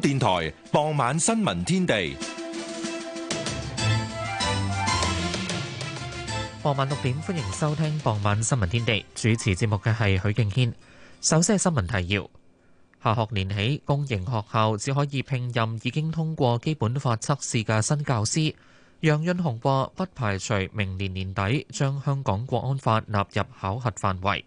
電台傍晚新聞天地，傍晚六點，歡迎收聽傍晚新聞天地。主持節目嘅係許敬軒。首先係新聞提要：下學年起，公營學校只可以聘任已經通過基本法測試嘅新教師。楊潤雄話，不排除明年年底將香港國安法納入考核範圍。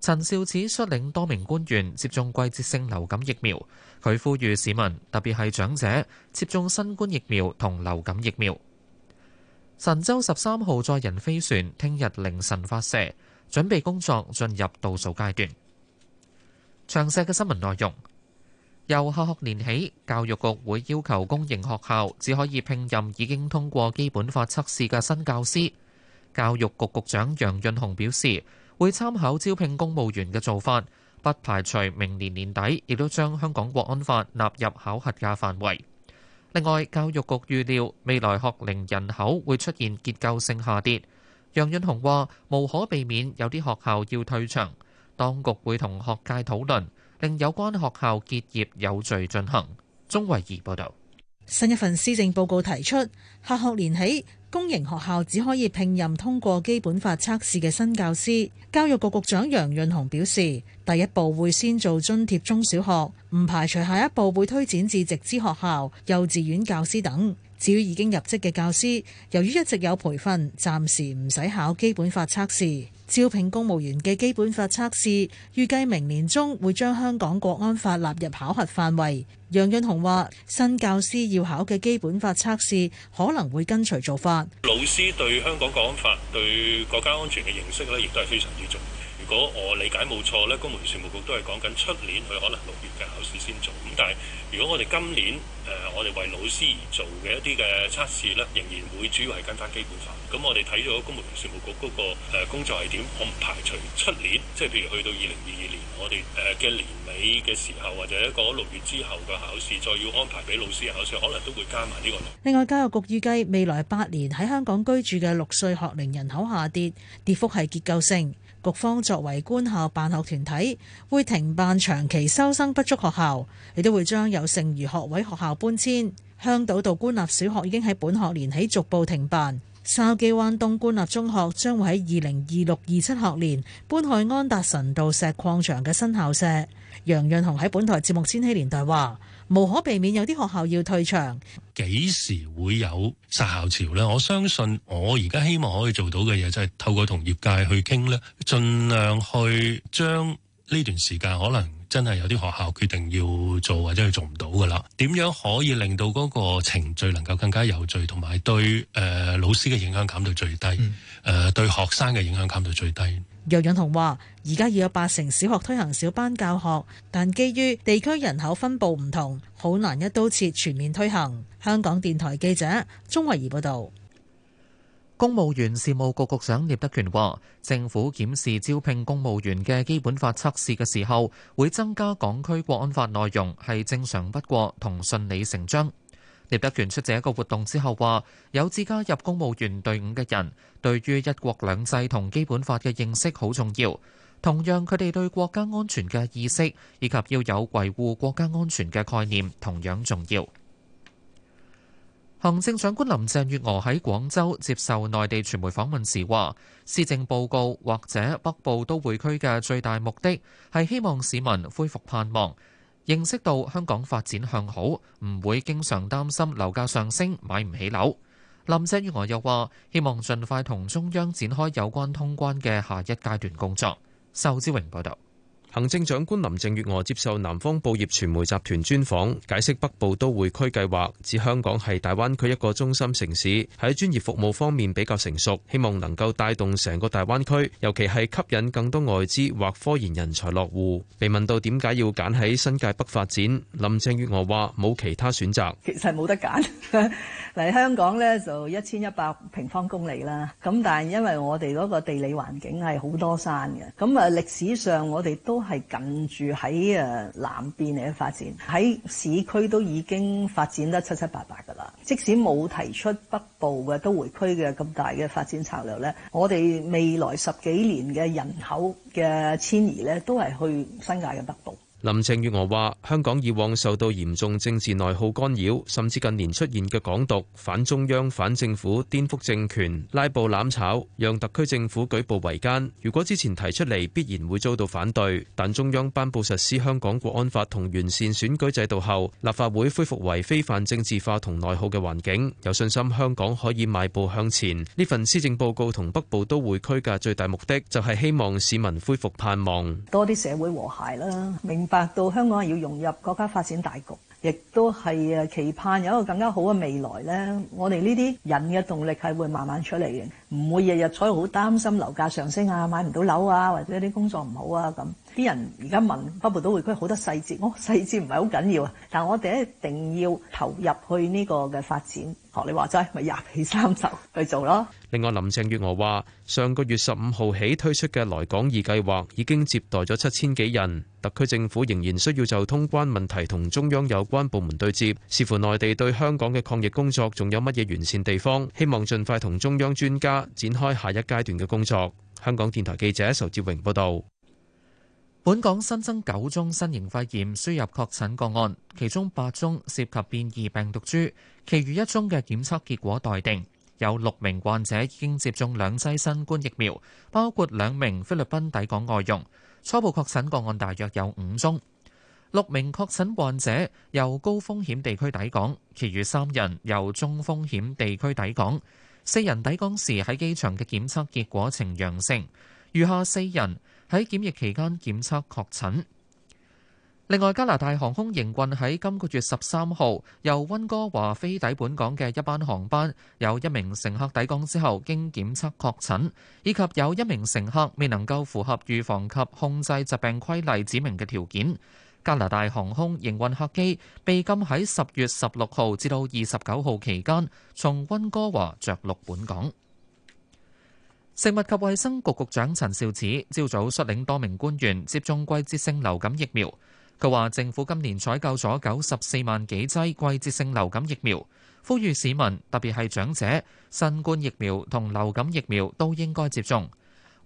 陳肇始率領多名官員接種季節性流感疫苗，佢呼籲市民，特別係長者，接種新冠疫苗同流感疫苗。神舟十三號載人飛船聽日凌晨發射，準備工作進入倒數階段。詳細嘅新聞內容，由下學年起，教育局會要求公營學校只可以聘任已經通過基本法測試嘅新教師。教育局局長楊潤雄表示，會參考招聘公務員嘅做法，不排除明年年底亦都將香港國安法納入考核嘅範圍。另外，教育局預料未來學齡人口會出現結構性下跌。楊潤雄話：無可避免有啲學校要退場，當局會同學界討論，令有關學校結業有序進行。鐘惠儀報導。新一份施政報告提出，下學年起，公營學校只可以聘任通過基本法測試嘅新教師。教育局局長楊潤雄表示，第一步會先做津貼中小學，唔排除下一步會推展至直資學校、幼稚園教師等。至於已經入職嘅教師，由於一直有培訓，暫時唔使考基本法測試。招聘公務員嘅基本法測試，預計明年中會將香港國安法納入考核範圍。楊潤雄話：新教師要考嘅基本法測試，可能會跟隨做法。老師對香港國安法對國家安全嘅認識呢，亦都係非常之重。如果我理解冇錯，咧，公務員事務局都係講緊出年佢可能六月嘅考試先做。咁但係如果我哋今年誒，我哋為老師而做嘅一啲嘅測試呢，仍然會主要係跟翻基本法。咁我哋睇咗公務員事務局嗰個工作係點，我唔排除出年即係譬如去到二零二二年我哋誒嘅年尾嘅時候，或者一個六月之後嘅考試，再要安排俾老師嘅考試，可能都會加埋呢個。另外，教育局預計未來八年喺香港居住嘅六歲學齡人口下跌，跌幅係結構性。局方作為官校辦學團體，會停辦長期收生不足學校，亦都會將有剩餘學位學校搬遷。香島道官立小學已經喺本學年起逐步停辦，筲箕灣東官立中學將會喺二零二六、二七學年搬去安達臣道石礦場嘅新校舍。楊潤雄喺本台節目《千禧年代》話。無可避免有啲學校要退場，幾時會有殺校潮呢？我相信我而家希望可以做到嘅嘢，就係、是、透過同業界去傾呢，盡量去將呢段時間，可能真係有啲學校決定要做或者佢做唔到噶啦，點樣可以令到嗰個程序能夠更加有序，同埋對誒、呃、老師嘅影響減到最低，誒、嗯呃、對學生嘅影響減到最低。楊潤雄話，而家，已有八成小學推行小班教學，但基於地區人口分布唔同，好難一刀切全面推行。香港電台記者鍾慧儀報道。公務員事務局局長聶德權話，政府檢視招聘公務員嘅基本法測試嘅時候，會增加港區國安法內容，係正常不過同順理成章。聶德權出席一個活動之後話，有志加入公務員隊伍嘅人，對於一國兩制同基本法嘅認識好重要，同樣佢哋對國家安全嘅意識以及要有維護國家安全嘅概念同樣重要。行政長官林鄭月娥喺廣州接受內地傳媒訪問時話，施政報告或者北部都會區嘅最大目的係希望市民恢復盼望。認識到香港發展向好，唔會經常擔心樓價上升，買唔起樓。林鄭月娥又話：希望盡快同中央展開有關通關嘅下一階段工作。仇志榮報導。行政長官林鄭月娥接受南方報業傳媒集團專訪，解釋北部都會區計劃，指香港係大灣區一個中心城市，喺專業服務方面比較成熟，希望能夠帶動成個大灣區，尤其係吸引更多外資或科研人才落戶。被問到點解要揀喺新界北發展，林鄭月娥話冇其他選擇，其實冇得揀。嚟，香港呢就一千一百平方公里啦，咁但係因為我哋嗰個地理環境係好多山嘅，咁啊歷史上我哋都都係近住喺誒南邊嚟發展，喺市區都已經發展得七七八八㗎啦。即使冇提出北部嘅都會區嘅咁大嘅發展策略咧，我哋未來十幾年嘅人口嘅遷移咧，都係去新界嘅北部。林鄭月娥話，香港以往受到嚴重政治內耗干擾，甚至近年出現嘅港獨，反中央、反政府、顛覆政權、拉布攬炒，讓特區政府舉步維艱。如果之前提出嚟，必然會遭到反對，但中央頒布實施香港國安法同完善選舉制度後，立法會恢復為非泛政治化同內耗嘅環境，有信心香港可以邁步向前。呢份施政報告、同北部都會區嘅最大目的，就係希望市民恢復盼望，多啲社會和諧啦。明。發到香港係要融入國家發展大局，亦都係誒期盼有一個更加好嘅未來咧。我哋呢啲人嘅動力係會慢慢出嚟嘅，唔會日日彩好擔心樓價上升啊，買唔到樓啊，或者啲工作唔好啊咁。啲人而家問北部都會區好多細節，我細節唔係好緊要啊，但係我哋一定要投入去呢個嘅發展。學你話齋，咪廿起三就去做咯。另外，林鄭月娥話，上個月十五號起推出嘅來港易計劃，已經接待咗七千幾人。特區政府仍然需要就通關問題同中央有關部門對接，視乎內地對香港嘅抗疫工作仲有乜嘢完善地方，希望盡快同中央專家展開下一階段嘅工作。香港電台記者仇志榮報道。本港新增九宗新型肺炎輸入確診個案，其中八宗涉及變異病毒株，其餘一宗嘅檢測結果待定。有六名患者已經接種兩劑新冠疫苗，包括兩名菲律賓抵港外傭。初步確診個案大約有五宗。六名確診患者由高風險地區抵港，其餘三人由中風險地區抵港。四人抵港時喺機場嘅檢測結果呈陽性，餘下四人。喺檢疫期間檢測確診。另外，加拿大航空營運喺今個月十三號由温哥華飛抵本港嘅一班航班，有一名乘客抵港之後經檢測確診，以及有一名乘客未能夠符合預防及控制疾病規例指明嘅條件。加拿大航空營運客機被禁喺十月十六號至到二十九號期間，從温哥華着陸本港。食物及衛生局局長陳肇始朝早率領多名官員接種季節性流感疫苗。佢話：政府今年採購咗九十四萬幾劑季，季節性流感疫苗，呼籲市民特別係長者，新冠疫苗同流感疫苗都應該接種。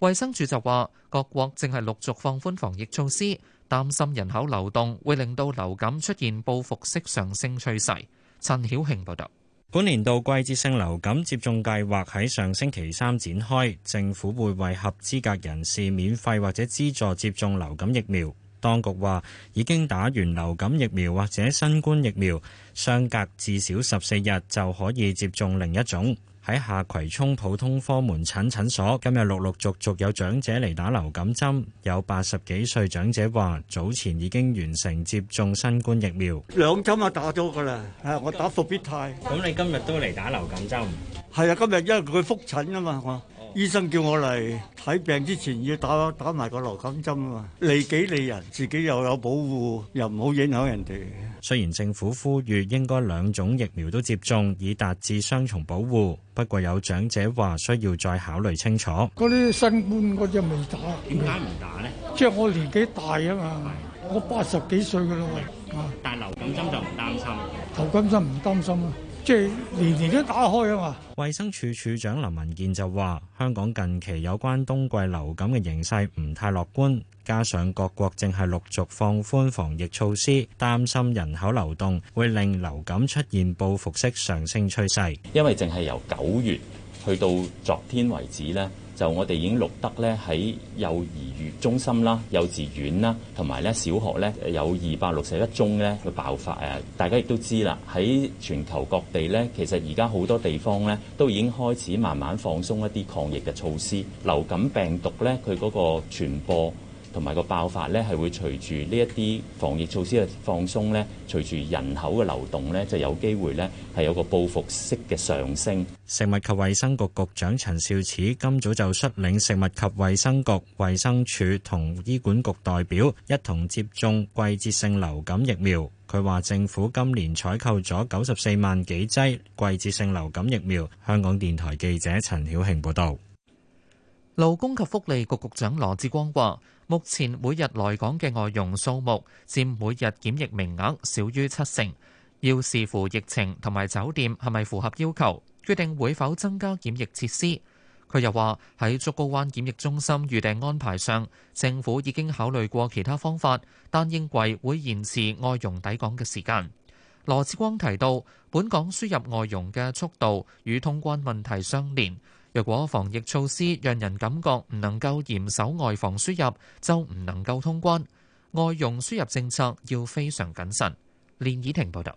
衛生署就話：各國正係陸續放寬防疫措施，擔心人口流動會令到流感出現報復式上升趨勢。陳曉慶報道。本年度季節性流感接種計劃喺上星期三展開，政府會為合資格人士免費或者資助接種流感疫苗。當局話，已經打完流感疫苗或者新冠疫苗，相隔至少十四日就可以接種另一種。喺下葵涌普通科門診診所，今日陸陸續續有長者嚟打流感針。有八十幾歲長者話，早前已經完成接種新冠疫苗，兩針啊打咗噶啦。啊，我打復必泰，咁你今日都嚟打流感針？係啊，今日因為佢復診啊嘛。醫生叫我嚟睇病之前要打打埋個流感針啊嘛，利己利人，自己又有保護，又唔好影響人哋。雖然政府呼籲應該兩種疫苗都接種，以達致雙重保護，不過有長者話需要再考慮清楚。嗰啲新冠我就未打，點解唔打呢？即係我年紀大啊嘛，我八十幾歲噶啦喎。但係流感針就唔擔心，流感針唔擔心啊。即年年都打開啊嘛！衛生署署長林文健就話：香港近期有關冬季流感嘅形勢唔太樂觀，加上各國正係陸續放寬防疫措施，擔心人口流動會令流感出現報復式上升趨勢。因為淨係由九月去到昨天為止呢。就我哋已經錄得咧，喺幼兒園中心啦、幼稚園啦，同埋咧小學咧，有二百六十一宗咧，佢爆發誒。大家亦都知啦，喺全球各地咧，其實而家好多地方咧，都已經開始慢慢放鬆一啲抗疫嘅措施。流感病毒咧，佢嗰個傳播。同埋個爆發呢，係會隨住呢一啲防疫措施嘅放鬆呢，隨住人口嘅流動呢，就有機會呢係有個報復式嘅上升。食物及衛生局局長陳肇始今早就率領食物及衛生局、衞生署同醫管局代表一同接種季節性流感疫苗。佢話：政府今年採購咗九十四萬幾劑季節性流感疫苗。香港電台記者陳曉慶報導。勞工及福利局局長羅致光話。目前每日來港嘅外佣數目佔每日檢疫名額少於七成，要視乎疫情同埋酒店係咪符合要求，決定會否增加檢疫設施。佢又話喺竹篙灣檢疫中心預訂安排上，政府已經考慮過其他方法，但認為會延遲外傭抵港嘅時間。羅致光提到，本港輸入外傭嘅速度與通關問題相連。若果防疫措施讓人感覺唔能夠嚴守外防輸入，就唔能夠通關。外傭輸入政策要非常謹慎。連怡婷報導。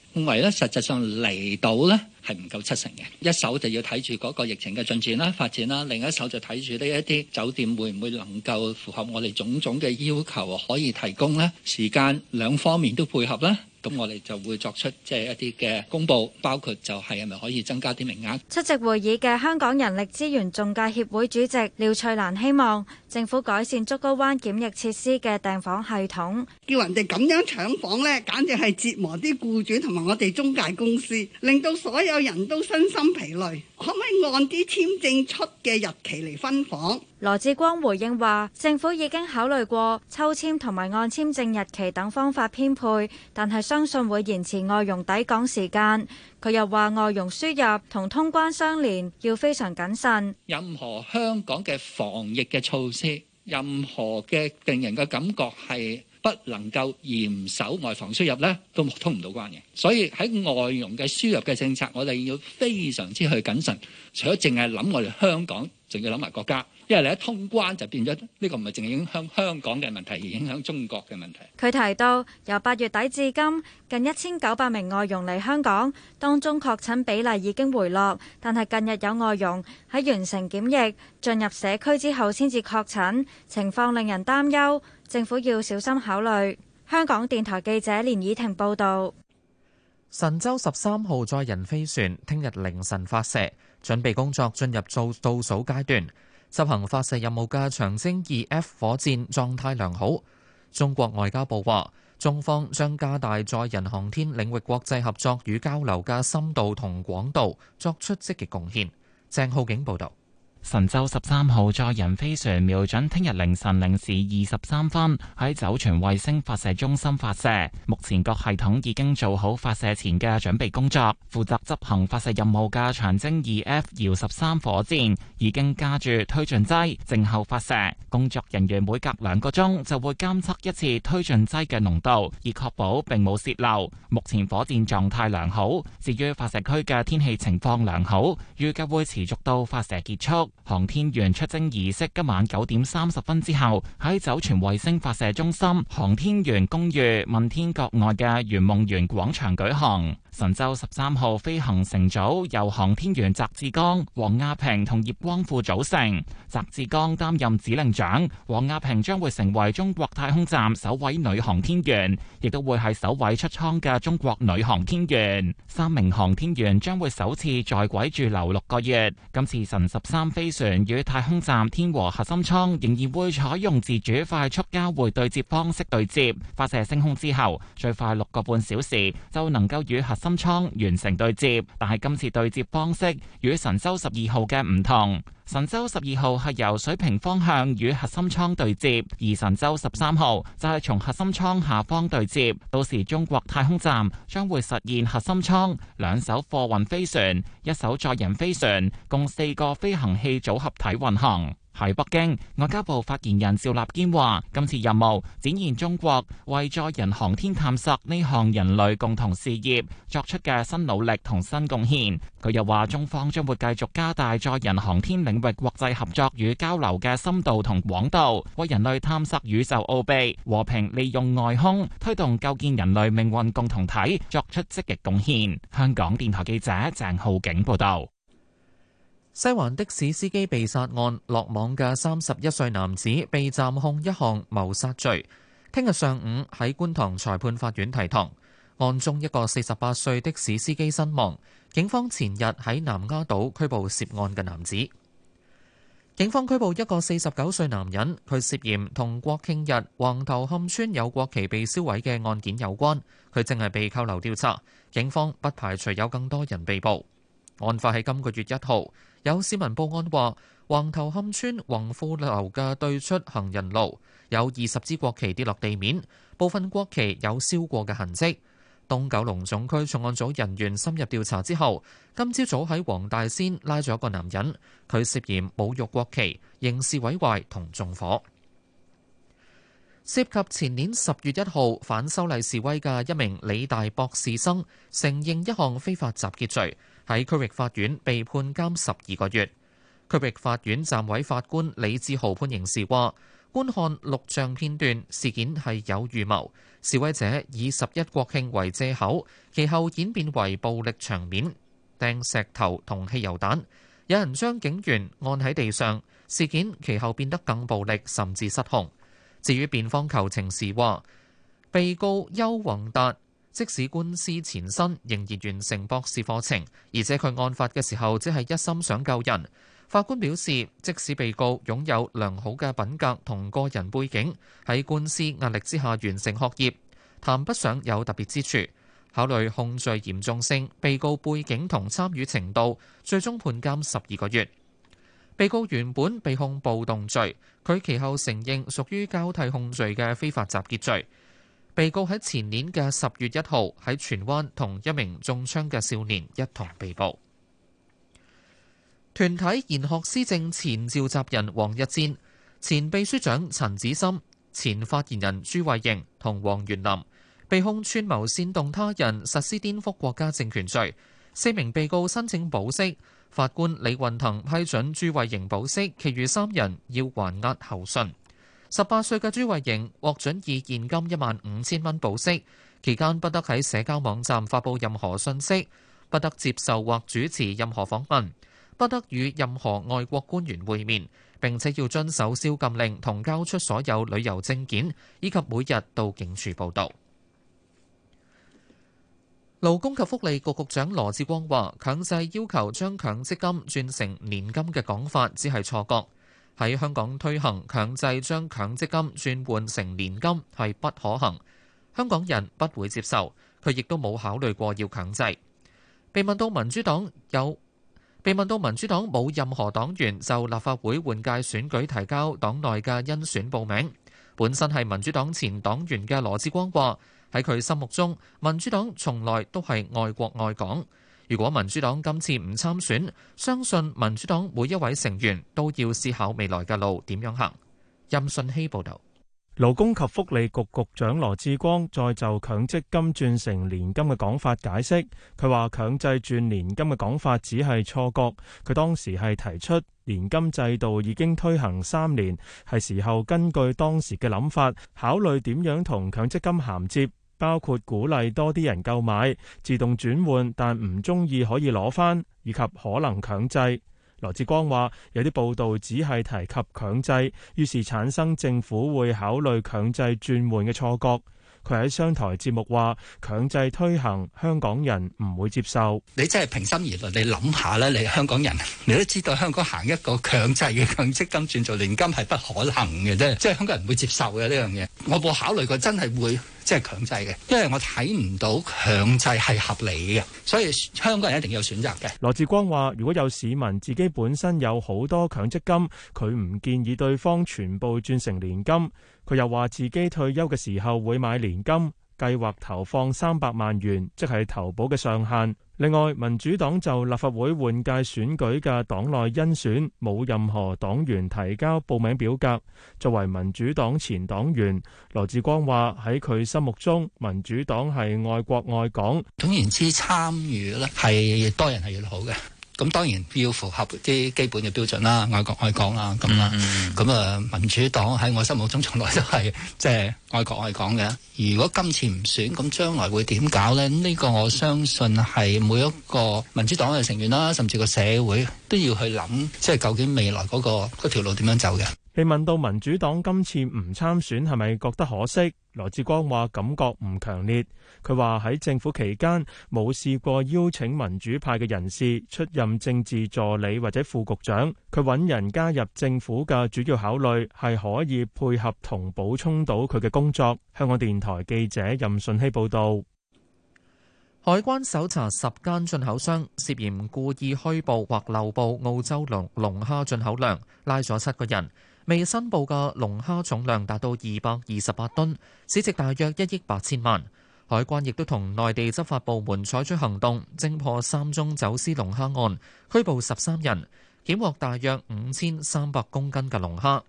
因為呢，實際上嚟到呢係唔夠七成嘅。一手就要睇住嗰個疫情嘅進展啦、發展啦，另一手就睇住呢一啲酒店會唔會能夠符合我哋種種嘅要求，可以提供呢時間，兩方面都配合啦。咁我哋就會作出即係一啲嘅公佈，包括就係係咪可以增加啲名額？出席會議嘅香港人力資源中介協會主席廖翠蘭希望政府改善竹篙灣檢疫設施嘅訂房系統，叫人哋咁樣搶房呢，簡直係折磨啲僱主同埋我哋中介公司，令到所有人都身心疲累。可唔可以按啲簽證出嘅日期嚟分房？羅致光回應話：政府已經考慮過抽籤同埋按簽證日期等方法編配，但係相信會延遲外傭抵港時間。佢又話外傭輸入同通關相連，要非常謹慎。任何香港嘅防疫嘅措施，任何嘅令人嘅感覺係不能夠嚴守外防輸入呢，都通唔到關嘅。所以喺外傭嘅輸入嘅政策，我哋要非常之去謹慎。除咗淨係諗我哋香港。仲要諗埋國家，因為你一通關就變咗呢個，唔係淨係影響香港嘅問題，而影響中國嘅問題。佢提到由八月底至今，近一千九百名外傭嚟香港，當中確診比例已經回落，但係近日有外傭喺完成檢疫進入社區之後先至確診，情況令人擔憂。政府要小心考慮。香港電台記者連以婷報導。神舟十三號載人飛船聽日凌晨發射，準備工作進入做倒數階段。執行發射任務嘅長征二 F 火箭狀態良好。中國外交部話，中方將加大載人航天領域國際合作與交流嘅深度同廣度，作出積極貢獻。鄭浩景報道。神舟十三號載人飛船瞄準聽日凌晨零時二十三分喺酒泉衛星發射中心發射。目前各系統已經做好發射前嘅準備工作。負責執行發射任務嘅長征二 F 遙十三火箭已經加注推進劑，靜候發射。工作人員每隔兩個鐘就會監測一次推進劑嘅濃度，以確保並冇泄漏。目前火箭狀態良好。至於發射區嘅天氣情況良好，預計會持續到發射結束。航天員出征儀式今晚九點三十分之後，喺酒泉衛星發射中心航天員公寓問天閣外嘅圓夢園廣場舉行。神舟十三號飛行乘組由航天員翟志剛、王亞平同葉光富組成，翟志剛擔任指令長，王亞平將會成為中國太空站首位女航天員，亦都會係首位出艙嘅中國女航天員。三名航天員將會首次在軌駐留六個月。今次神十三飛船與太空站天和核心艙仍然會採用自主快速交會對接方式對接。發射升空之後，最快六個半小時就能夠與核核心艙完成對接，但係今次對接方式與神舟十二號嘅唔同。神舟十二號係由水平方向與核心艙對接，而神舟十三號就係從核心艙下方對接。到時中國太空站將會實現核心艙、兩艘貨運飛船、一艘載人飛船，共四個飛行器組合體運行。喺北京，外交部發言人趙立堅話，今次任務展現中國為載人航天探索呢項人類共同事業作出嘅新努力同新貢獻。佢又話中方將會繼續加大載人航天領域國際合作與交流嘅深度同廣度，為人類探索宇宙奧秘、和平利用外空、推動構建人類命運共同體作出積極貢獻。香港電台記者鄭浩景報道。西環的士司機被殺案落網嘅三十一歲男子被暫控一項謀殺罪，聽日上午喺觀塘裁判法院提堂。案中一個四十八歲的，的士司機身亡，警方前日喺南丫島拘捕涉案嘅男子。警方拘捕一個四十九歲男人，佢涉嫌同國慶日橫頭磡村有國旗被燒毀嘅案件有關，佢淨係被扣留調查。警方不排除有更多人被捕。案發喺今個月一號，有市民報案話，橫頭磡村宏富樓嘅對出行人路有二十支國旗跌落地面，部分國旗有燒過嘅痕跡。東九龍總區重案組人員深入調查之後，今朝早喺黃大仙拉咗個男人，佢涉嫌侮辱國旗、刑事毀壞同縱火。涉及前年十月一號反修例示威嘅一名李大博士生，承認一項非法集結罪。喺區域法院被判監十二個月。區域法院暫委法官李志豪判刑時話，觀看錄像片段，事件係有預謀，示威者以十一國慶為借口，其後演變為暴力場面，掟石頭同汽油彈，有人將警員按喺地上。事件其後變得更暴力，甚至失控。至於辯方求情時話，被告邱宏達，即使官司纏身，仍然完成博士課程，而且佢案發嘅時候只係一心想救人。法官表示，即使被告擁有良好嘅品格同個人背景，喺官司壓力之下完成學業，談不上有特別之處。考慮控罪嚴重性、被告背景同參與程度，最終判監十二個月。被告原本被控暴動罪，佢其後承認屬於交替控罪嘅非法集結罪。被告喺前年嘅十月一號喺荃灣同一名中槍嘅少年一同被捕。團體賢學思政前召集人王逸戰、前秘書長陳枳森、前發言人朱慧盈同黃沅琳，被控串謀煽動他人實施顛覆國家政權罪。四名被告申請保釋，法官李運騰批准朱慧盈保釋，其餘三人要還押候訊。十八歲嘅朱慧瑩獲准以現金一萬五千蚊保釋，期間不得喺社交網站發布任何訊息，不得接受或主持任何訪問，不得與任何外國官員會面，並且要遵守宵禁令同交出所有旅遊證件，以及每日到警署報到。勞工及福利局局長羅致光話：強制要求將強積金轉成年金嘅講法，只係錯覺。喺香港推行強制將強積金轉換成年金係不可行，香港人不會接受。佢亦都冇考慮過要強制。被問到民主黨有，被問到民主黨冇任何黨員就立法會換屆選舉提交黨內嘅甄選報名，本身係民主黨前黨員嘅羅志光話，喺佢心目中，民主黨從來都係愛國愛港。如果民主黨今次唔參選，相信民主黨每一位成員都要思考未來嘅路點樣行。任信希報道。勞工及福利局局長羅致光再就強積金轉成年金嘅講法解釋，佢話強制轉年金嘅講法只係錯覺，佢當時，係提出年金制度已經推行三年，係時候根據當時嘅諗法考慮點樣同強積金銜接。包括鼓勵多啲人購買自動轉換，但唔中意可以攞翻，以及可能強制。羅志光話：有啲報道只係提及強制，於是產生政府會考慮強制轉換嘅錯覺。佢喺商台節目話：強制推行，香港人唔會接受。你真係平心而論，你諗下啦，你香港人，你都知道香港行一個強制嘅強積金轉做年金係不可能嘅啫，即係香港人唔會接受嘅呢樣嘢，我冇考慮過真係會。即係強制嘅，因為我睇唔到強制係合理嘅，所以香港人一定要有選擇嘅。羅致光話，如果有市民自己本身有好多強積金，佢唔建議對方全部轉成年金。佢又話自己退休嘅時候會買年金。計劃投放三百萬元，即係投保嘅上限。另外，民主黨就立法會換屆選舉嘅黨內甄選，冇任何黨員提交報名表格。作為民主黨前黨員，羅志光話喺佢心目中，民主黨係愛國愛港。總言之，參與咧係越多人係越好嘅。咁當然要符合啲基本嘅標準啦，愛國愛港啦，咁啦、嗯嗯嗯，咁啊，民主黨喺我心目中從來都係即係愛國愛港嘅。如果今次唔選，咁將來會點搞咧？呢、呢個我相信係每一個民主黨嘅成員啦，甚至個社會都要去諗，即係究竟未來嗰、嗰個條路點樣走嘅。被問到民主黨今次唔參選係咪覺得可惜，羅志光話感覺唔強烈。佢話喺政府期間冇試過邀請民主派嘅人士出任政治助理或者副局長。佢揾人加入政府嘅主要考慮係可以配合同補充到佢嘅工作。香港電台記者任信希報導。海關搜查十間進口商，涉嫌故意虛報或漏報澳洲龍龍蝦進口量，拉咗七個人。未申報嘅龍蝦總量達到二百二十八噸，市值大約一億八千萬。海關亦都同內地執法部門採取行動，偵破三宗走私龍蝦案，拘捕十三人，檢獲大約五千三百公斤嘅龍蝦。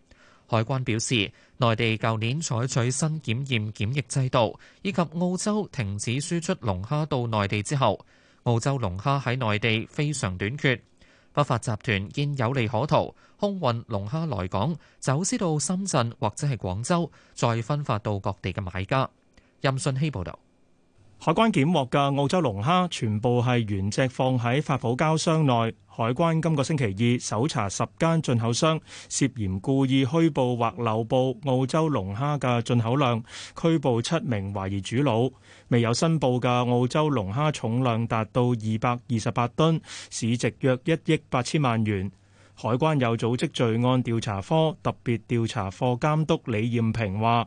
海關表示，內地舊年採取新檢驗檢疫制度，以及澳洲停止輸出龍蝦到內地之後，澳洲龍蝦喺內地非常短缺。不法集團見有利可圖，空運龍蝦來港，走私到深圳或者係廣州，再分發到各地嘅買家。任信希報導。海關檢獲嘅澳洲龍蝦全部係原隻放喺發泡膠箱內。海關今個星期二搜查十間進口商，涉嫌故意虛報或漏報澳洲龍蝦嘅進口量，拘捕七名懷疑主腦。未有申報嘅澳洲龍蝦重量達到二百二十八噸，市值約一億八千萬元。海關有組織罪案調查科特別調查課監督李艷平話。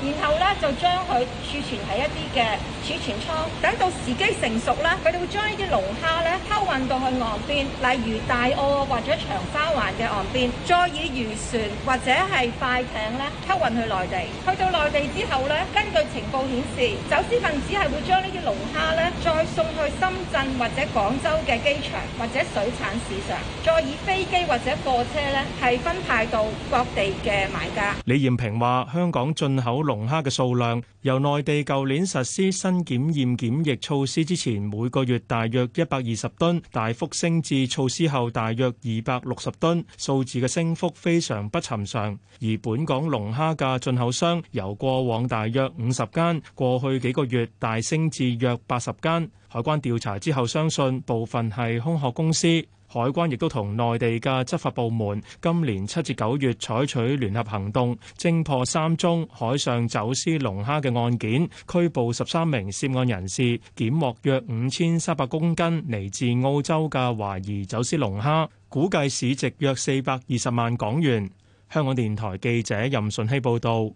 然後咧就將佢儲存喺一啲嘅儲存倉，等到時機成熟咧，佢哋會將呢啲龍蝦咧偷運到去岸邊，例如大澳或者長沙灣嘅岸邊，再以漁船或者係快艇咧偷運去內地。去到內地之後咧，根據情報顯示，走私分子係會將呢啲龍蝦咧再送去深圳或者廣州嘅機場或者水產市場，再以飛機或者貨車咧係分派到各地嘅買家。李豔平話：香港進口。龍蝦嘅數量由內地舊年實施新檢驗檢疫措施之前，每個月大約一百二十噸，大幅升至措施後大約二百六十噸，數字嘅升幅非常不尋常。而本港龍蝦嘅進口商由過往大約五十間，過去幾個月大升至約八十間。海關調查之後，相信部分係空殼公司。海關亦都同內地嘅執法部門今年七至九月採取聯合行動，偵破三宗海上走私龍蝦嘅案件，拘捕十三名涉案人士，檢獲約五千三百公斤嚟自澳洲嘅懷疑走私龍蝦，估計市值約四百二十萬港元。香港電台記者任順希報導。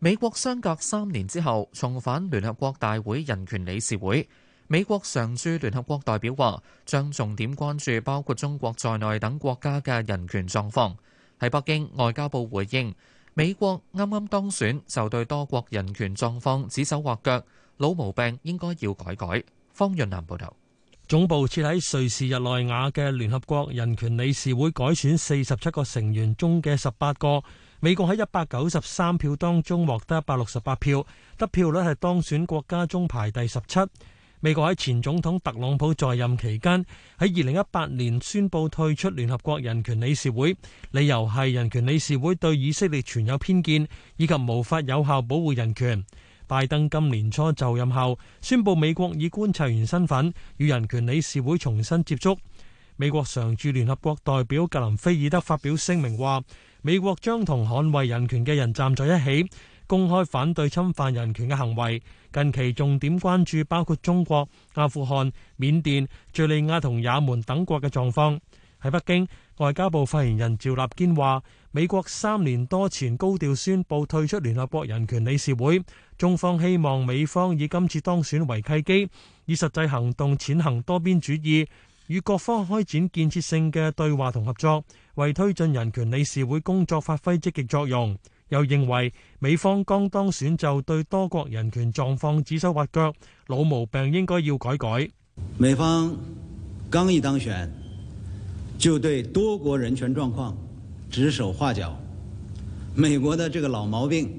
美國相隔三年之後重返聯合國大會人權理事會。美國常駐聯合國代表話，將重點關注包括中國在內等國家嘅人權狀況。喺北京，外交部回應，美國啱啱當選就對多國人權狀況指手畫腳，老毛病應該要改改。方潤南報道，總部設喺瑞士日內瓦嘅聯合國人權理事會改選四十七個成員中嘅十八個，美國喺一百九十三票當中獲得一百六十八票，得票率係當選國家中排第十七。美國喺前總統特朗普在任期間，喺二零一八年宣布退出聯合國人權理事會，理由係人權理事會對以色列存有偏見，以及無法有效保護人權。拜登今年初就任後，宣布美國以觀察員身份與人權理事會重新接觸。美國常駐聯合國代表格林菲爾德發表聲明話：美國將同捍衛人權嘅人站在一起。公開反對侵犯人權嘅行為，近期重點關注包括中國、阿富汗、緬甸、敘利亞同也門等國嘅狀況。喺北京，外交部發言人趙立堅話，美國三年多前高調宣布退出聯合國人權理事會，中方希望美方以今次當選為契機，以實際行動踐行多邊主義，與各方開展建設性嘅對話同合作，為推進人權理事會工作發揮積極作用。又認為美方剛當選就對多國人權狀況指手畫腳，老毛病應該要改改。美方剛一當選就對多國人權狀況指手畫腳，美國的這個老毛病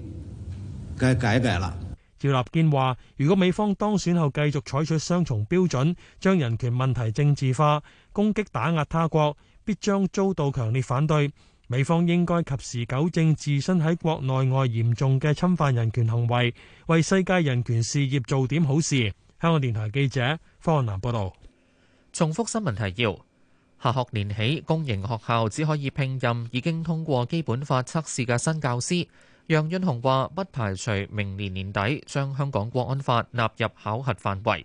該改改啦。趙立堅話，如果美方當選後繼續採取雙重標準，將人權問題政治化，攻擊打壓他國，必將遭到強烈反對。美方應該及時糾正自身喺國內外嚴重嘅侵犯人權行為，為世界人權事業做點好事。香港電台記者方南報道。重複新聞提要：下學年起，公營學校只可以聘任已經通過基本法測試嘅新教師。楊潤雄話：不排除明年年底將香港國安法納入考核範圍。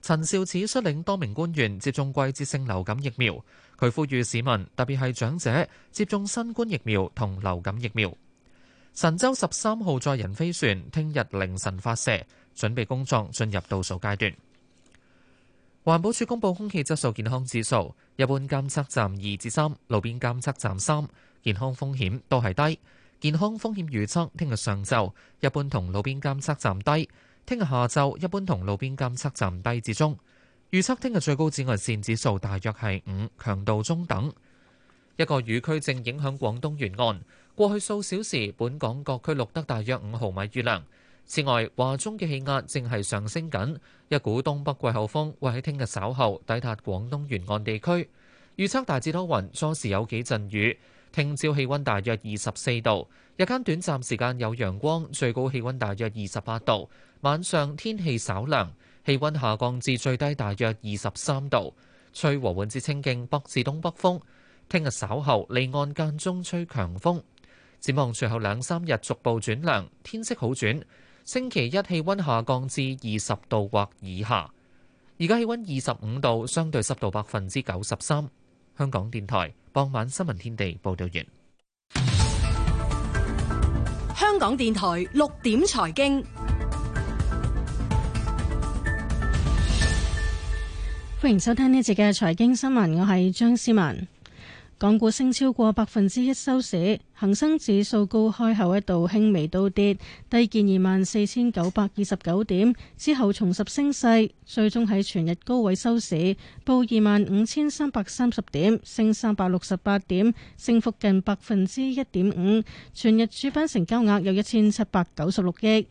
陳肇始率，率領多名官員接種季節性流感疫苗。佢呼籲市民，特別係長者，接種新冠疫苗同流感疫苗。神舟十三號載人飛船聽日凌晨發射，準備工作進入倒數階段。環保署公布空氣質素健康指數，一般監測站二至三，3，路邊監測站三，健康風險都係低。健康風險預測聽日上晝一般同路邊監測站低，聽日下晝一般同路邊監測站低至中。預測聽日最高紫外線指數大約係五，強度中等。一個雨區正影響廣東沿岸，過去數小時本港各區錄得大約五毫米雨量。此外，華中嘅氣壓正係上升緊，一股東北季候風會喺聽日稍後抵達廣東沿岸地區。預測大致多雲，初時有幾陣雨。聽朝氣溫大約二十四度，日間短暫時間有陽光，最高氣溫大約二十八度。晚上天氣稍涼。氣溫下降至最低大約二十三度，吹和緩至清勁北至東北風。聽日稍後離岸間中吹強風。展望隨後兩三日逐步轉涼，天色好轉。星期一氣溫下降至二十度或以下。而家氣溫二十五度，相對濕度百分之九十三。香港電台傍晚新聞天地報道完。香港電台六點財經。歡迎收聽呢一節嘅財經新聞，我係張思文。港股升超過百分之一收市，恒生指數高開後一度輕微倒跌，低見二萬四千九百二十九點，之後重拾升勢，最終喺全日高位收市，報二萬五千三百三十點，升三百六十八點，升幅近百分之一點五。全日主板成交額有一千七百九十六億。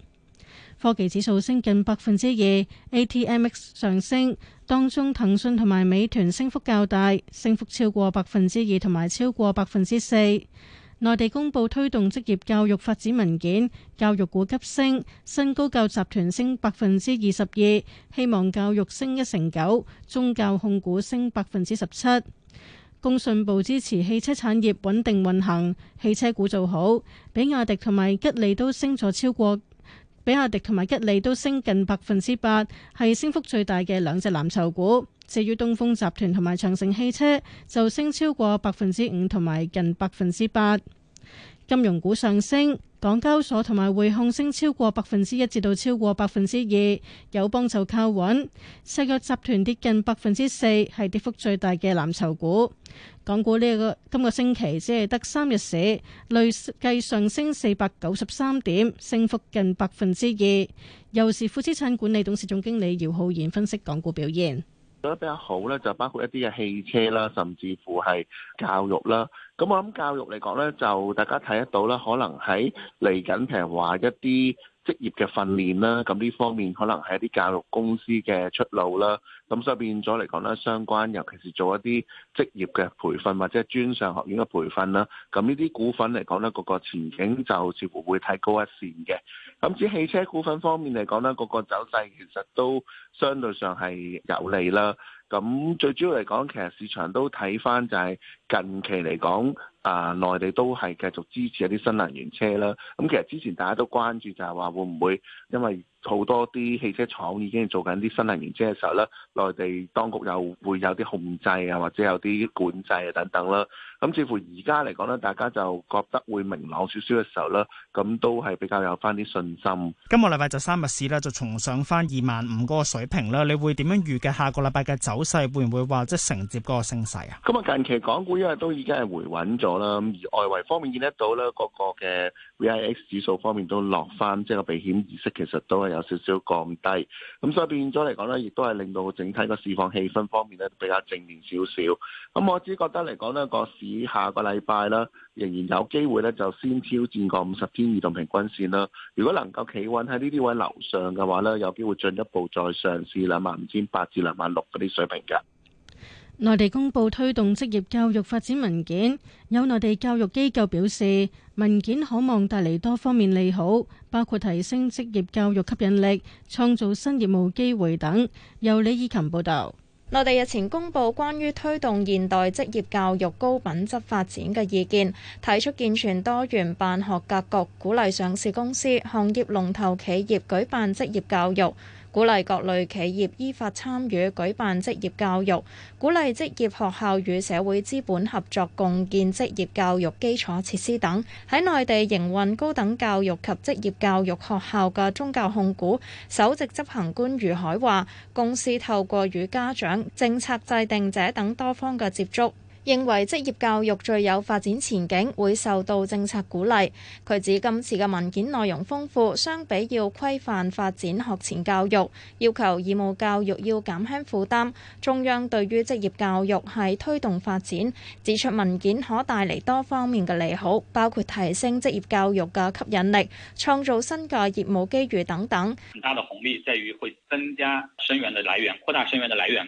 科技指數升近百分之二，ATMX 上升。當中騰訊同埋美團升幅較大，升幅超過百分之二同埋超過百分之四。內地公布推動職業教育發展文件，教育股急升，新高教集團升百分之二十二，希望教育升一成九，中教控股升百分之十七。工信部支持汽車產業穩定運行，汽車股做好，比亞迪同埋吉利都升咗超過。比亞迪同埋吉利都升近百分之八，係升幅最大嘅兩隻藍籌股。至於東風集團同埋長城汽車，就升超過百分之五同埋近百分之八。金融股上升。港交所同埋匯控升超過百分之一，至到超過百分之二，友邦就靠穩，世爵集團跌近百分之四，係跌幅最大嘅藍籌股。港股呢、這、一個今個星期只係得三日市，累計上升四百九十三點，升幅近百分之二。時富資產管理董事總經理姚浩然分析港股表現覺得，比較好呢，就包括一啲嘅汽車啦，甚至乎係教育啦。咁我諗教育嚟講咧，就大家睇得到啦，可能喺嚟緊譬如話一啲職業嘅訓練啦，咁呢方面可能係一啲教育公司嘅出路啦。咁所以變咗嚟講咧，相關尤其是做一啲職業嘅培訓或者專上學院嘅培訓啦，咁呢啲股份嚟講咧，個個前景就似乎會睇高一線嘅。咁至於汽車股份方面嚟講咧，個個走勢其實都相對上係有利啦。咁最主要嚟講，其實市場都睇返就係近期嚟講，啊、呃、內地都係繼續支持一啲新能源車啦。咁其實之前大家都關注就係話會唔會因為好多啲汽車廠已經做緊啲新能源車嘅時候咧，內地當局又會有啲控制啊，或者有啲管制啊等等啦。咁似乎而家嚟講咧，大家就覺得會明朗少少嘅時候咧，咁都係比較有翻啲信心。今個禮拜就三日市咧，就重上翻二萬五嗰個水平咧。你會點樣預計下個禮拜嘅走勢？會唔會話即係承接嗰個升勢啊？咁啊，近期港股因為都已經係回穩咗啦，而外圍方面見得到咧，嗰個嘅。VIX 指數方面都落返，即係個避險意識其實都係有少少降低，咁所以變咗嚟講咧，亦都係令到個整體個市況氣氛方面咧，比較正面少少。咁我只覺得嚟講呢個市下個禮拜咧仍然有機會咧就先挑戰個五十天移動平均線啦。如果能夠企穩喺呢啲位樓上嘅話咧，有機會進一步再上試兩萬五千八至兩萬六嗰啲水平嘅。內地公布推動職業教育發展文件，有內地教育機構表示，文件可望帶嚟多方面利好，包括提升職業教育吸引力、創造新業務機會等。由李以琴報道，內地日前公布關於推動現代職業教育高品質發展嘅意見，提出健全多元辦學格局，鼓勵上市公司、行業龍頭企業舉辦職業教育。鼓勵各類企業依法參與舉辦職業教育，鼓勵職業學校與社會資本合作共建職業教育基礎設施等。喺內地營運高等教育及職業教育學校嘅宗教控股首席執行官余海華話：公司透過與家長、政策制定者等多方嘅接觸。認為職業教育最有發展前景，會受到政策鼓勵。佢指今次嘅文件內容豐富，相比要規範發展學前教育，要求義務教育要減輕負擔。中央對於職業教育係推動發展，指出文件可帶嚟多方面嘅利好，包括提升職業教育嘅吸引力、創造新嘅業務機遇等等。大嘅紅利在於會增加生源嘅來源，擴大生源嘅來源。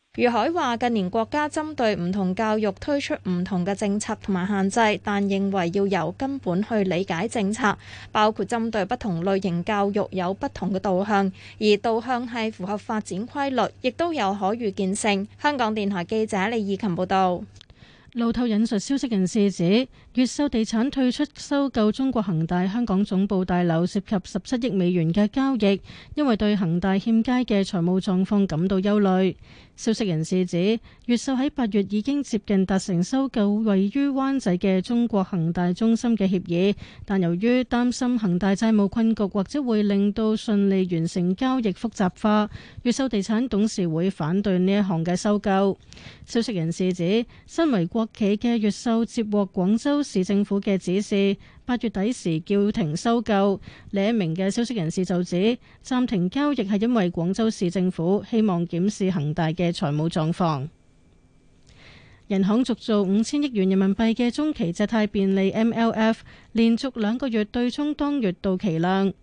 余海話：近年國家針對唔同教育推出唔同嘅政策同埋限制，但認為要由根本去理解政策，包括針對不同類型教育有不同嘅導向，而導向係符合發展規律，亦都有可預見性。香港電台記者李義琴報道。路透引述消息人士指，越秀地產退出收購中國恆大香港總部大樓，涉及十七億美元嘅交易，因為對恆大欠佳嘅財務狀況感到憂慮。消息人士指，越秀喺八月已經接近達成收購位於灣仔嘅中國恆大中心嘅協議，但由於擔心恆大債務困局，或者會令到順利完成交易複雜化，越秀地產董事會反對呢一項嘅收購。消息人士指，身為國企嘅越秀接獲廣州。市政府嘅指示，八月底時叫停收購。另一名嘅消息人士就指暫停交易係因為廣州市政府希望檢視恒大嘅財務狀況。人行續做五千億元人民幣嘅中期借貸便利 （MLF），連續兩個月對沖當月到期量。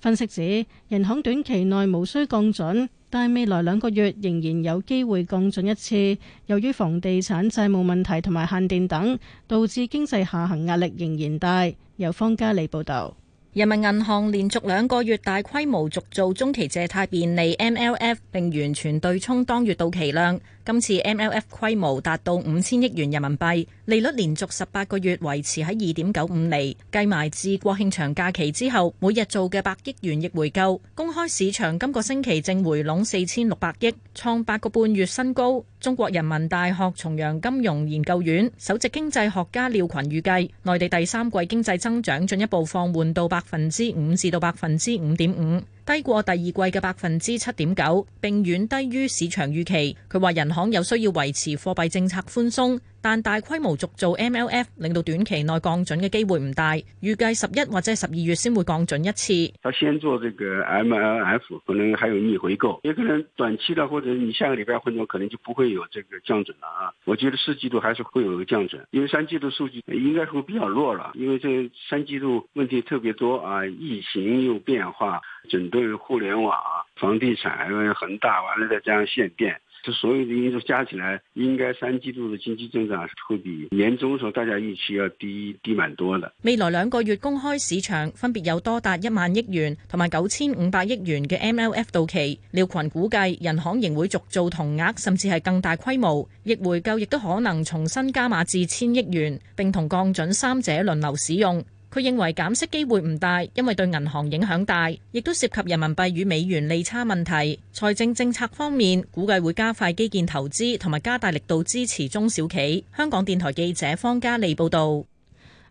分析指人行短期內無需降準。但係未來兩個月仍然有機會降準一次，由於房地產債務問題同埋限電等，導致經濟下行壓力仍然大。由方家利報導。人民銀行連續兩個月大規模續做中期借貸便利 （MLF），並完全對沖當月到期量。今次 MLF 規模達到五千億元人民幣，利率連續十八個月維持喺二點九五厘。計埋至國慶長假期之後，每日做嘅百億元逆回購。公開市場今個星期正回籠四千六百億，創八個半月新高。中國人民大學重陽金融研究院首席經濟學家廖群預計，內地第三季經濟增長進一步放緩到百。百分之五至到百分之五點五。低過第二季嘅百分之七點九，並遠低於市場預期。佢話人行有需要維持貨幣政策寬鬆，但大規模續做 MLF 令到短期內降準嘅機會唔大。預計十一或者十二月先會降準一次。要先做這個 MLF，可能還有逆回購。也可能短期的或者你下個禮拜或者可能就不會有這個降準啦。啊，我覺得四季度還是會有個降準，因為三季度數據應該會比較弱啦，因為這三季度問題特別多啊，疫情又變化，整多。因為互聯網、房地產、因為恒大，完了再加上限電，這所有的因素加起來，應該三季度的經濟增長會比年中時候大家預期要低低滿多的蠻多。未來兩個月公開市場分別有多達一萬億元同埋九千五百億元嘅 MLF 到期，廖群估計人行仍會續做同額，甚至係更大規模，逆回購亦都可能重新加碼至千億元，並同降準三者輪流使用。佢認為減息機會唔大，因為對銀行影響大，亦都涉及人民幣與美元利差問題。財政政策方面，估計會加快基建投資，同埋加大力度支持中小企。香港電台記者方嘉利報導。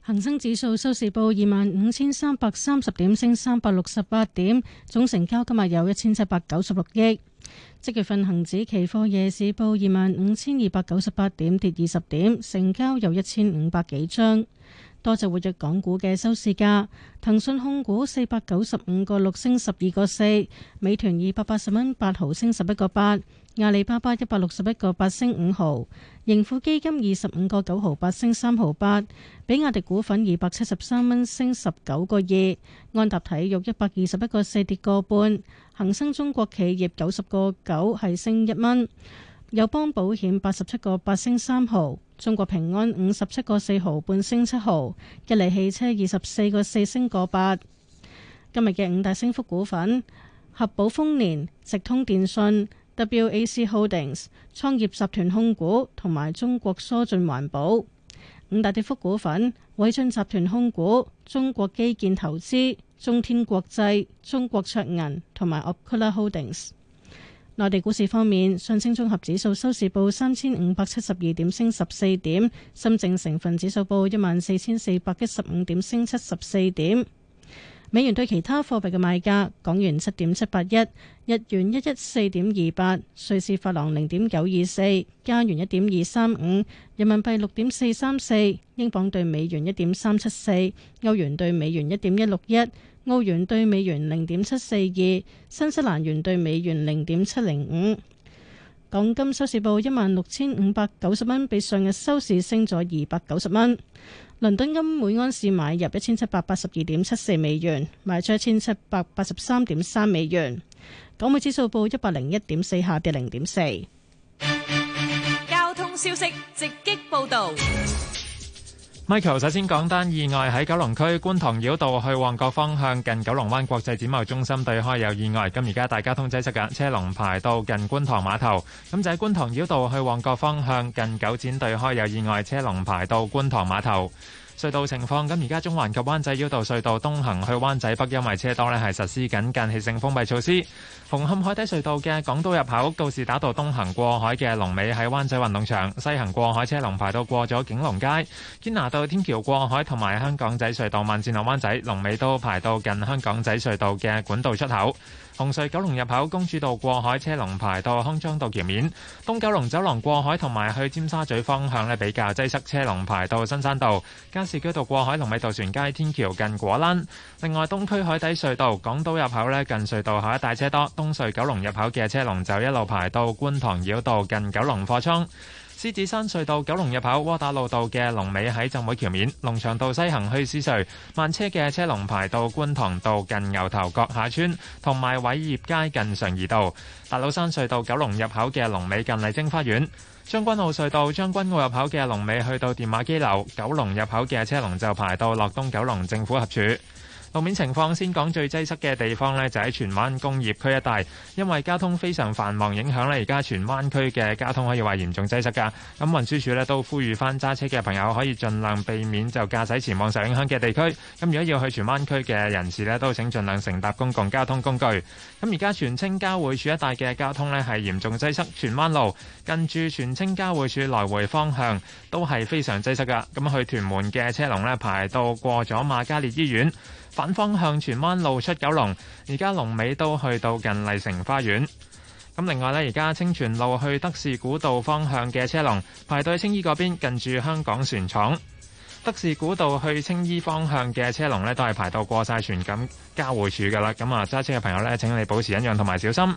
恒生指數收市報二萬五千三百三十點，升三百六十八點，總成交今日有一千七百九十六億。即月份恒指期貨夜市報二萬五千二百九十八點，跌二十點，成交有一千五百幾張。多隻活躍港股嘅收市價，騰訊控股四百九十五個六升十二個四，美團二百八十蚊八毫升十一個八，阿里巴巴一百六十一個八升五毫，盈富基金二十五個九毫八升三毫八，比亞迪股份二百七十三蚊升十九個二，安踏體育一百二十一個四跌個半，恒生中國企業九十個九係升一蚊。友邦保險八十七個八升三毫，中國平安五十七個四毫半升七毫，吉利汽車二十四個四升個八。今日嘅五大升幅股份：合寶豐年、直通電信、W A C Holdings、創業集團控股同埋中國疏浚環保。五大跌幅股份：偉俊集團控股、中國基建投資、中天國際、中國卓銀同埋 Ocular Holdings。內地股市方面，上證綜合指數收市報三千五百七十二點，升十四點；深證成分指數報一萬四千四百一十五點，升七十四點。美元對其他貨幣嘅賣價：港元七點七八一，日元一一四點二八，瑞士法郎零點九二四，加元一點二三五，人民幣六點四三四，英鎊兌美元一點三七四，歐元兌美元一點一六一。澳元對美元零點七四二，新西蘭元對美元零點七零五。港金收市報一萬六千五百九十蚊，比上日收市升咗二百九十蚊。倫敦金每安士買入一千七百八十二點七四美元，賣出一千七百八十三點三美元。港匯指數報一百零一點四，下跌零點四。交通消息直擊報道。Michael，首先講單意外，喺九龍區觀塘繞道去旺角方向，近九龍灣國際展貿中心對開有意外，咁而家交通擠塞緊，車龍排到近觀塘碼頭。咁就喺觀塘繞道去旺角方向，近九展對開有意外，車龍排到觀塘碼頭。隧道情況，咁而家中環及灣仔繞道隧道東行去灣仔北，因為車多咧，係實施緊間歇性封閉措施。紅磡海底隧道嘅港島入口，告士打道東行過海嘅龍尾喺灣仔運動場，西行過海車龍排到過咗景隆街。堅拿道天橋過海同埋香港仔隧道慢線落灣仔龍尾都排到近香港仔隧道嘅管道出口。紅隧九龍入口公主道過海車龍排到康莊道橋面，東九龍走廊過海同埋去尖沙咀方向咧比較擠塞，車龍排到新山道、加士居道過海龍尾渡船街天橋近果欄。另外，東區海底隧道港島入口咧，近隧道口一帶車多，東隧九龍入口嘅車龍就一路排到觀塘繞道近九龍貨倉。獅子山隧道九龍入口窩打老道嘅龍尾喺浸會橋面，龍翔道西行去獅隧，慢車嘅車龍排到觀塘道近牛頭角下村，同埋偉業街近常怡道。大老山隧道九龍入口嘅龍尾近麗晶花園，將軍澳隧道將軍澳入口嘅龍尾去到電馬基樓，九龍入口嘅車龍就排到落東九龍政府合署。路面情況，先講最擠塞嘅地方呢，就喺荃灣工業區一帶，因為交通非常繁忙，影響呢而家荃灣區嘅交通可以話嚴重擠塞噶。咁運輸署呢都呼籲翻揸車嘅朋友，可以盡量避免就駕駛前往受影響嘅地區。咁如果要去荃灣區嘅人士呢，都請盡量乘搭公共交通工具。咁而家荃青交匯處一帶嘅交通呢係嚴重擠塞，荃灣路近住荃青交匯處來回方向都係非常擠塞噶。咁去屯門嘅車龍呢，排到過咗瑪嘉烈醫院。反方向荃灣路出九龍，而家龍尾都去到近麗城花園。咁另外呢，而家清泉路去德士古道方向嘅車龍排到青衣嗰邊，近住香港船廠。德士古道去青衣方向嘅車龍呢，都係排到過晒船港交匯處嘅啦。咁啊，揸車嘅朋友呢，請你保持忍讓同埋小心。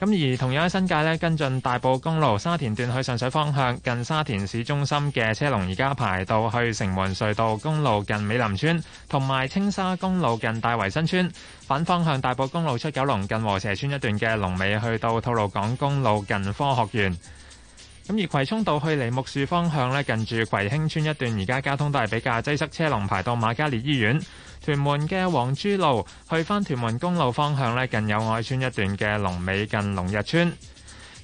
咁而同樣喺新界呢，跟進大埔公路沙田段去上水方向，近沙田市中心嘅車龍而家排到去城門隧道公路近美林村，同埋青沙公路近大圍新村。反方向大埔公路出九龍近禾輋邨一段嘅龍尾去到吐露港公路近科學園。咁而葵涌道去梨木樹方向呢，近住葵興村一段，而家交通都係比較擠塞車，車龍排到瑪嘉烈醫院。屯門嘅黃珠路去返屯門公路方向呢，近友愛邨一段嘅龍尾近龍日村。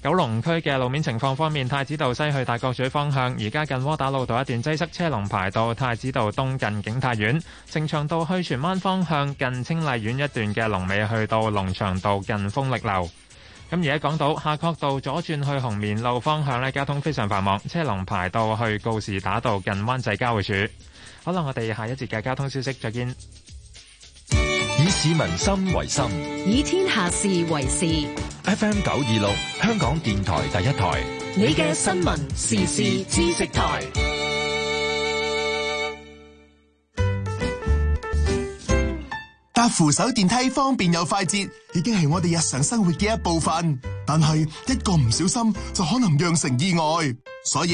九龍區嘅路面情況方面，太子道西去大角咀方向，而家近窩打老道一段擠塞車，車龍排到太子道東近景泰苑。呈祥道去荃灣方向，近清麗苑一段嘅龍尾去到龍翔道近豐力樓。咁而家講到夏慤道左轉去紅棉路方向呢，交通非常繁忙，車龍排到去告士打道近灣仔交匯處。好啦，我哋下一節嘅交通消息，再見。以市民心為心，以天下事為事。FM 九二六，香港電台第一台，你嘅新聞時事知識台。搭、啊、扶手電梯方便又快捷，已經係我哋日常生活嘅一部分。但係一個唔小心，就可能釀成意外，所以。